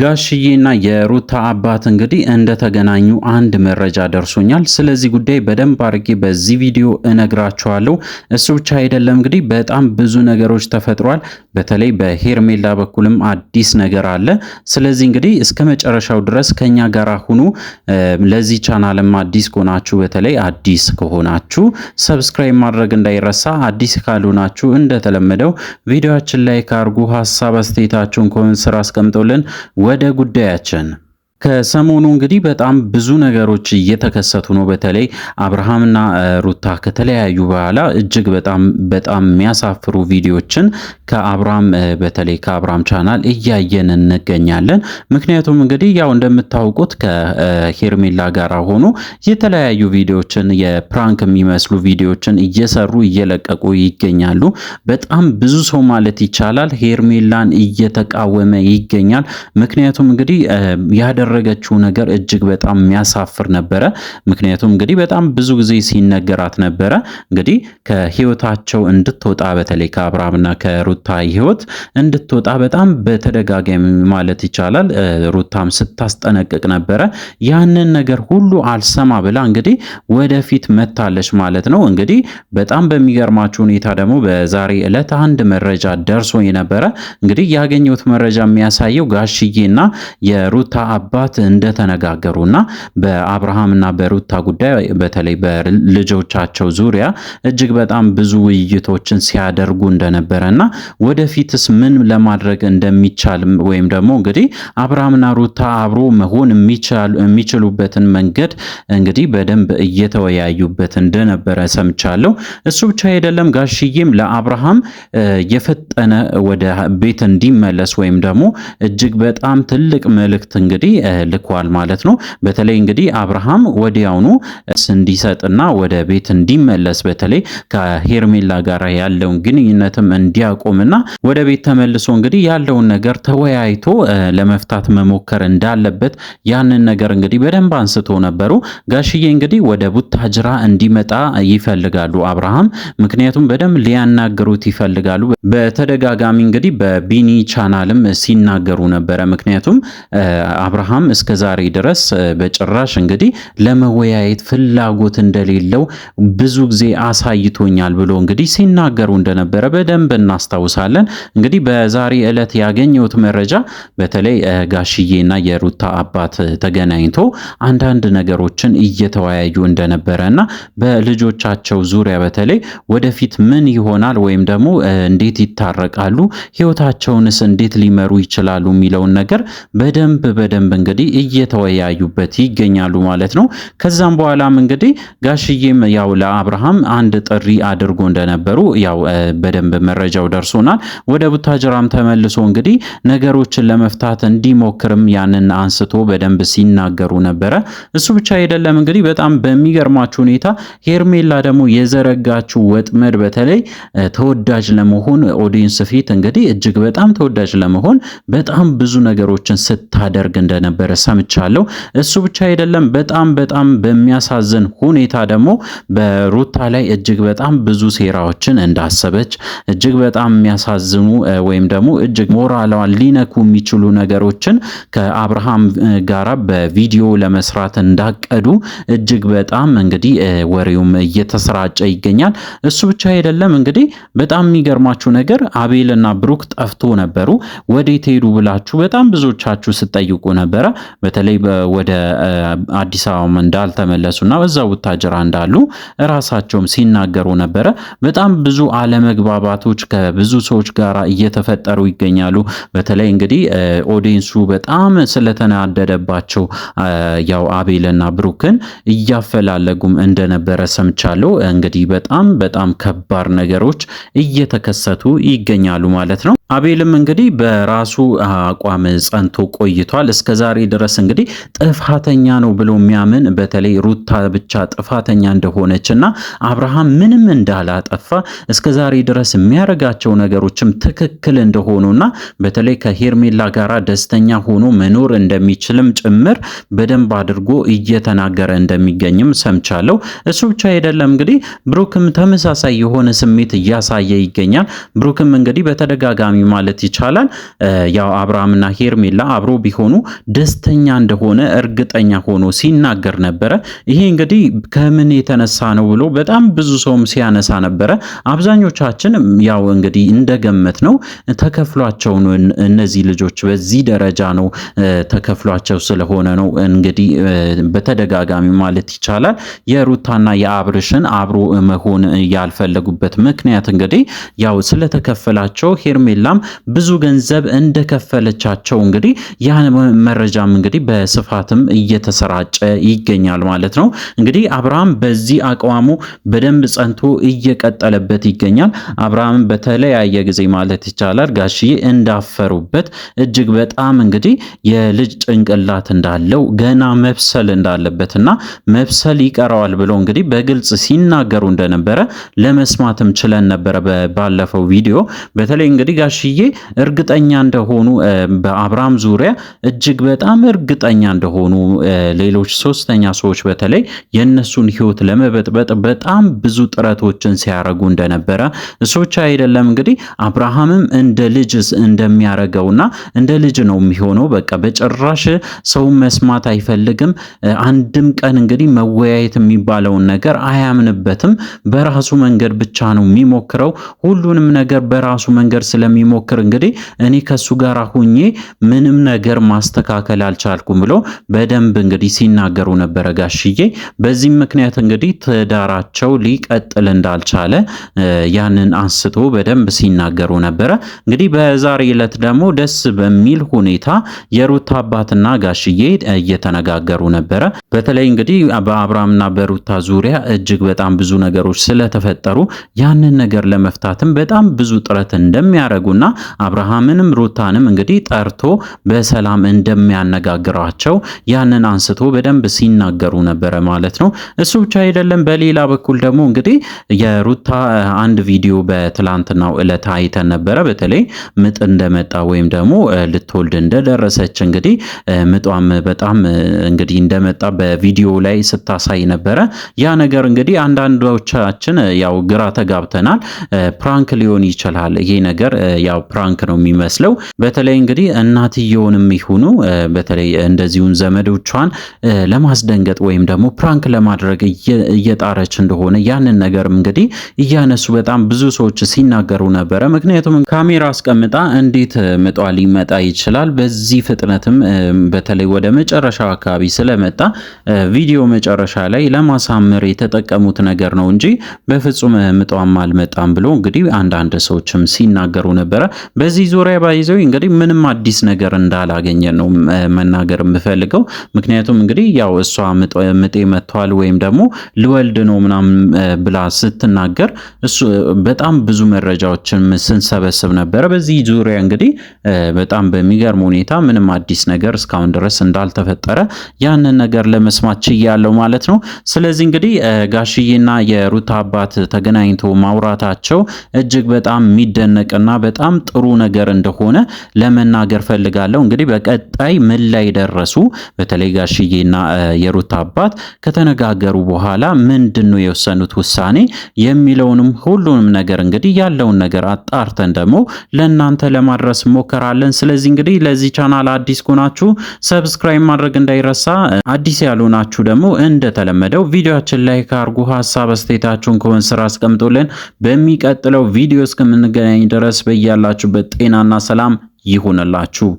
ጋሽዬና የሩታ አባት እንግዲህ እንደተገናኙ አንድ መረጃ ደርሶኛል። ስለዚህ ጉዳይ በደንብ አድርጌ በዚህ ቪዲዮ እነግራችኋለሁ። እሱ ብቻ አይደለም እንግዲህ በጣም ብዙ ነገሮች ተፈጥሯል። በተለይ በሄርሜላ በኩልም አዲስ ነገር አለ። ስለዚህ እንግዲህ እስከ መጨረሻው ድረስ ከኛ ጋር ሁኑ። ለዚህ ቻናልም አዲስ ከሆናችሁ በተለይ አዲስ ከሆናችሁ ሰብስክራይብ ማድረግ እንዳይረሳ፣ አዲስ ካልሆናችሁ እንደተለመደው ቪዲዮችን ላይክ አድርጉ። ሀሳብ አስተያየታችሁን ኮሜንት ስራ አስቀምጠውልን ወደ ጉዳያችን ከሰሞኑ እንግዲህ በጣም ብዙ ነገሮች እየተከሰቱ ነው። በተለይ አብርሃምና ሩታ ከተለያዩ በኋላ እጅግ በጣም በጣም የሚያሳፍሩ ቪዲዮችን ከአብርሃም በተለይ ከአብርሃም ቻናል እያየን እንገኛለን። ምክንያቱም እንግዲህ ያው እንደምታውቁት ከሄርሜላ ጋር ሆኖ የተለያዩ ቪዲዮችን የፕራንክ የሚመስሉ ቪዲዮችን እየሰሩ እየለቀቁ ይገኛሉ። በጣም ብዙ ሰው ማለት ይቻላል ሄርሜላን እየተቃወመ ይገኛል። ምክንያቱም እንግዲህ ያደ ያደረገችው ነገር እጅግ በጣም የሚያሳፍር ነበረ። ምክንያቱም እንግዲህ በጣም ብዙ ጊዜ ሲነገራት ነበረ እንግዲህ ከህይወታቸው እንድትወጣ በተለይ ከአብርሃምና ከሩታ ህይወት እንድትወጣ በጣም በተደጋጋሚ ማለት ይቻላል ሩታም ስታስጠነቅቅ ነበረ። ያንን ነገር ሁሉ አልሰማ ብላ እንግዲህ ወደፊት መታለች ማለት ነው። እንግዲህ በጣም በሚገርማችሁ ሁኔታ ደግሞ በዛሬ ዕለት አንድ መረጃ ደርሶ የነበረ እንግዲህ ያገኘሁት መረጃ የሚያሳየው ጋሽዬና የሩታ አባ አባት እንደተነጋገሩና በአብርሃምና በሩታ ጉዳይ በተለይ በልጆቻቸው ዙሪያ እጅግ በጣም ብዙ ውይይቶችን ሲያደርጉ እንደነበረና ወደፊትስ ምን ለማድረግ እንደሚቻል ወይም ደግሞ እንግዲህ አብርሃምና ሩታ አብሮ መሆን የሚችሉበትን መንገድ እንግዲህ በደንብ እየተወያዩበት እንደነበረ ሰምቻለሁ። እሱ ብቻ አይደለም፣ ጋሽዬም ለአብርሃም የፈጠነ ወደ ቤት እንዲመለስ ወይም ደግሞ እጅግ በጣም ትልቅ መልእክት እንግዲህ ልኳል ማለት ነው። በተለይ እንግዲህ አብርሃም ወዲያውኑ እንዲሰጥና ወደ ቤት እንዲመለስ በተለይ ከሄርሜላ ጋር ያለውን ግንኙነትም እንዲያቆምና ወደ ቤት ተመልሶ እንግዲህ ያለውን ነገር ተወያይቶ ለመፍታት መሞከር እንዳለበት ያንን ነገር እንግዲህ በደንብ አንስቶ ነበሩ። ጋሽዬ እንግዲህ ወደ ቡታጅራ እንዲመጣ ይፈልጋሉ አብርሃም ምክንያቱም በደንብ ሊያናግሩት ይፈልጋሉ። በተደጋጋሚ እንግዲህ በቢኒ ቻናልም ሲናገሩ ነበረ። ምክንያቱም አብርሃም አብርሃም እስከ ዛሬ ድረስ በጭራሽ እንግዲህ ለመወያየት ፍላጎት እንደሌለው ብዙ ጊዜ አሳይቶኛል ብሎ እንግዲህ ሲናገሩ እንደነበረ በደንብ እናስታውሳለን። እንግዲህ በዛሬ ዕለት ያገኘሁት መረጃ በተለይ ጋሽዬና የሩታ አባት ተገናኝቶ አንዳንድ ነገሮችን እየተወያዩ እንደነበረ እና በልጆቻቸው ዙሪያ በተለይ ወደፊት ምን ይሆናል ወይም ደግሞ እንዴት ይታረቃሉ፣ ህይወታቸውንስ እንዴት ሊመሩ ይችላሉ የሚለውን ነገር በደንብ በደንብ እንግዲህ እየተወያዩበት ይገኛሉ ማለት ነው። ከዛም በኋላም እንግዲህ ጋሽዬም ያው ለአብርሃም አንድ ጥሪ አድርጎ እንደነበሩ ያው በደንብ መረጃው ደርሶናል። ወደ ቡታጅራም ተመልሶ እንግዲህ ነገሮችን ለመፍታት እንዲሞክርም ያንን አንስቶ በደንብ ሲናገሩ ነበረ። እሱ ብቻ አይደለም እንግዲህ በጣም በሚገርማችሁ ሁኔታ ሄርሜላ ደግሞ የዘረጋችው ወጥመድ በተለይ ተወዳጅ ለመሆን ኦዲየንስ ፊት እንግዲህ እጅግ በጣም ተወዳጅ ለመሆን በጣም ብዙ ነገሮችን ስታደርግ እንደነበ እንደነበረ ሰምቻለሁ። እሱ ብቻ አይደለም፣ በጣም በጣም በሚያሳዝን ሁኔታ ደግሞ በሩታ ላይ እጅግ በጣም ብዙ ሴራዎችን እንዳሰበች እጅግ በጣም የሚያሳዝኑ ወይም ደግሞ እጅግ ሞራሏን ሊነኩ የሚችሉ ነገሮችን ከአብርሃም ጋራ በቪዲዮ ለመስራት እንዳቀዱ እጅግ በጣም እንግዲህ ወሬውም እየተሰራጨ ይገኛል። እሱ ብቻ አይደለም እንግዲህ በጣም የሚገርማችሁ ነገር አቤልና ብሩክ ጠፍቶ ነበሩ። ወዴት ሄዱ ብላችሁ በጣም ብዙዎቻችሁ ስጠይቁ ነበረ። በተለይ ወደ አዲስ አበባም እና በዛ ቡታጅራ እንዳሉ ራሳቸውም ሲናገሩ ነበረ። በጣም ብዙ አለመግባባቶች ከብዙ ሰዎች ጋር እየተፈጠሩ ይገኛሉ። በተለይ እንግዲህ ኦዲንሱ በጣም ስለተናደደባቸው ያው አቤልና ብሩክን እያፈላለጉም እንደነበረ ሰምቻለሁ። እንግዲህ በጣም በጣም ከባድ ነገሮች እየተከሰቱ ይገኛሉ ማለት ነው። አቤልም እንግዲህ በራሱ አቋም ጸንቶ ቆይቷል። እስከዛ ዛሬ ድረስ እንግዲህ ጥፋተኛ ነው ብሎ የሚያምን በተለይ ሩታ ብቻ ጥፋተኛ እንደሆነች እና አብርሃም ምንም እንዳላጠፋ እስከ ዛሬ ድረስ የሚያደርጋቸው ነገሮችም ትክክል እንደሆኑና በተለይ ከሄርሜላ ጋር ደስተኛ ሆኖ መኖር እንደሚችልም ጭምር በደንብ አድርጎ እየተናገረ እንደሚገኝም ሰምቻለሁ። እሱ ብቻ አይደለም እንግዲህ ብሩክም ተመሳሳይ የሆነ ስሜት እያሳየ ይገኛል። ብሩክም እንግዲህ በተደጋጋሚ ማለት ይቻላል ያው አብርሃምና ሄርሜላ አብሮ ቢሆኑ ደስተኛ እንደሆነ እርግጠኛ ሆኖ ሲናገር ነበረ። ይሄ እንግዲህ ከምን የተነሳ ነው ብሎ በጣም ብዙ ሰውም ሲያነሳ ነበረ። አብዛኞቻችን ያው እንግዲህ እንደገመት ነው ተከፍሏቸው ነው እነዚህ ልጆች በዚህ ደረጃ ነው ተከፍሏቸው ስለሆነ ነው እንግዲህ በተደጋጋሚ ማለት ይቻላል የሩታና የአብርሽን አብሮ መሆን ያልፈለጉበት ምክንያት እንግዲህ ያው ስለተከፈላቸው ሄርሜላም ብዙ ገንዘብ እንደከፈለቻቸው እንግዲህ ያ መረጃ መረጃም እንግዲህ በስፋትም እየተሰራጨ ይገኛል ማለት ነው። እንግዲህ አብርሃም በዚህ አቋሙ በደንብ ጸንቶ እየቀጠለበት ይገኛል። አብርሃም በተለያየ ጊዜ ማለት ይቻላል ጋሽዬ እንዳፈሩበት እጅግ በጣም እንግዲህ የልጅ ጭንቅላት እንዳለው ገና መብሰል እንዳለበትና መብሰል ይቀረዋል ብሎ እንግዲህ በግልጽ ሲናገሩ እንደነበረ ለመስማትም ችለን ነበረ ባለፈው ቪዲዮ። በተለይ እንግዲህ ጋሽዬ እርግጠኛ እንደሆኑ በአብርሃም ዙሪያ እጅግ በጣም እርግጠኛ እንደሆኑ ሌሎች ሶስተኛ ሰዎች በተለይ የእነሱን ህይወት ለመበጥበጥ በጣም ብዙ ጥረቶችን ሲያደርጉ እንደነበረ እሶች አይደለም እንግዲህ አብርሃምም እንደ ልጅስ እንደሚያደርገውና እንደ ልጅ ነው የሚሆነው። በቃ በጭራሽ ሰው መስማት አይፈልግም። አንድም ቀን እንግዲህ መወያየት የሚባለውን ነገር አያምንበትም። በራሱ መንገድ ብቻ ነው የሚሞክረው። ሁሉንም ነገር በራሱ መንገድ ስለሚሞክር እንግዲህ እኔ ከሱ ጋር ሁኜ ምንም ነገር ማስተካከል መከላከል አልቻልኩም ብሎ በደንብ እንግዲህ ሲናገሩ ነበረ ጋሽዬ። በዚህም ምክንያት እንግዲህ ትዳራቸው ሊቀጥል እንዳልቻለ ያንን አንስቶ በደንብ ሲናገሩ ነበረ። እንግዲህ በዛሬ ዕለት ደግሞ ደስ በሚል ሁኔታ የሩታ አባትና ጋሽዬ እየተነጋገሩ ነበረ። በተለይ እንግዲህ በአብርሃምና በሩታ ዙሪያ እጅግ በጣም ብዙ ነገሮች ስለተፈጠሩ ያንን ነገር ለመፍታትም በጣም ብዙ ጥረት እንደሚያደርጉና አብርሃምንም ሩታንም እንግዲህ ጠርቶ በሰላም እንደሚያ የሚያነጋግራቸው ያንን አንስቶ በደንብ ሲናገሩ ነበረ ማለት ነው። እሱ ብቻ አይደለም። በሌላ በኩል ደግሞ እንግዲህ የሩታ አንድ ቪዲዮ በትላንትናው እለት አይተን ነበረ። በተለይ ምጥ እንደመጣ ወይም ደግሞ ልትወልድ እንደደረሰች እንግዲህ ምጧም በጣም እንግዲህ እንደመጣ በቪዲዮ ላይ ስታሳይ ነበረ። ያ ነገር እንግዲህ አንዳንዶቻችን ያው ግራ ተጋብተናል። ፕራንክ ሊሆን ይችላል ይሄ ነገር ያው ፕራንክ ነው የሚመስለው። በተለይ እንግዲህ እናትየውንም ይሁኑ በተለይ እንደዚሁን ዘመዶቿን ለማስደንገጥ ወይም ደግሞ ፕራንክ ለማድረግ እየጣረች እንደሆነ ያንን ነገርም እንግዲህ እያነሱ በጣም ብዙ ሰዎች ሲናገሩ ነበረ። ምክንያቱም ካሜራ አስቀምጣ እንዴት ምጧ ሊመጣ ይችላል? በዚህ ፍጥነትም በተለይ ወደ መጨረሻው አካባቢ ስለመጣ ቪዲዮ መጨረሻ ላይ ለማሳመር የተጠቀሙት ነገር ነው እንጂ በፍጹም ምጧም አልመጣም ብሎ እንግዲህ አንዳንድ ሰዎችም ሲናገሩ ነበረ። በዚህ ዙሪያ ባይዘው እንግዲህ ምንም አዲስ ነገር እንዳላገኘ ነው መናገር የምፈልገው ምክንያቱም እንግዲህ ያው እሷ ምጤ መጥቷል ወይም ደግሞ ልወልድ ነው ምናምን ብላ ስትናገር እሱ በጣም ብዙ መረጃዎችን ስንሰበስብ ነበረ። በዚህ ዙሪያ እንግዲህ በጣም በሚገርም ሁኔታ ምንም አዲስ ነገር እስካሁን ድረስ እንዳልተፈጠረ ያንን ነገር ለመስማት ችያለው ማለት ነው። ስለዚህ እንግዲህ ጋሽዬና የሩታ አባት ተገናኝቶ ማውራታቸው እጅግ በጣም የሚደነቅና በጣም ጥሩ ነገር እንደሆነ ለመናገር ፈልጋለሁ። እንግዲህ በቀጣይ ምን ላይ ደረሱ? በተለይ ጋሽዬና የሩታ አባት ከተነጋገሩ በኋላ ምንድን ነው የወሰኑት ውሳኔ የሚለውንም ሁሉንም ነገር እንግዲህ ያለውን ነገር አጣርተን ደግሞ ለእናንተ ለማድረስ ሞከራለን። ስለዚህ እንግዲህ ለዚህ ቻናል አዲስ ከሆናችሁ ሰብስክራይብ ማድረግ እንዳይረሳ፣ አዲስ ያልሆናችሁ ደግሞ እንደተለመደው ቪዲዮችን ላይ ካርጉ ሀሳብ አስተያየታችሁን ከሆን ስራ አስቀምጡልን። በሚቀጥለው ቪዲዮ እስከምንገናኝ ድረስ በያላችሁበት ጤናና ሰላም ይሁንላችሁ።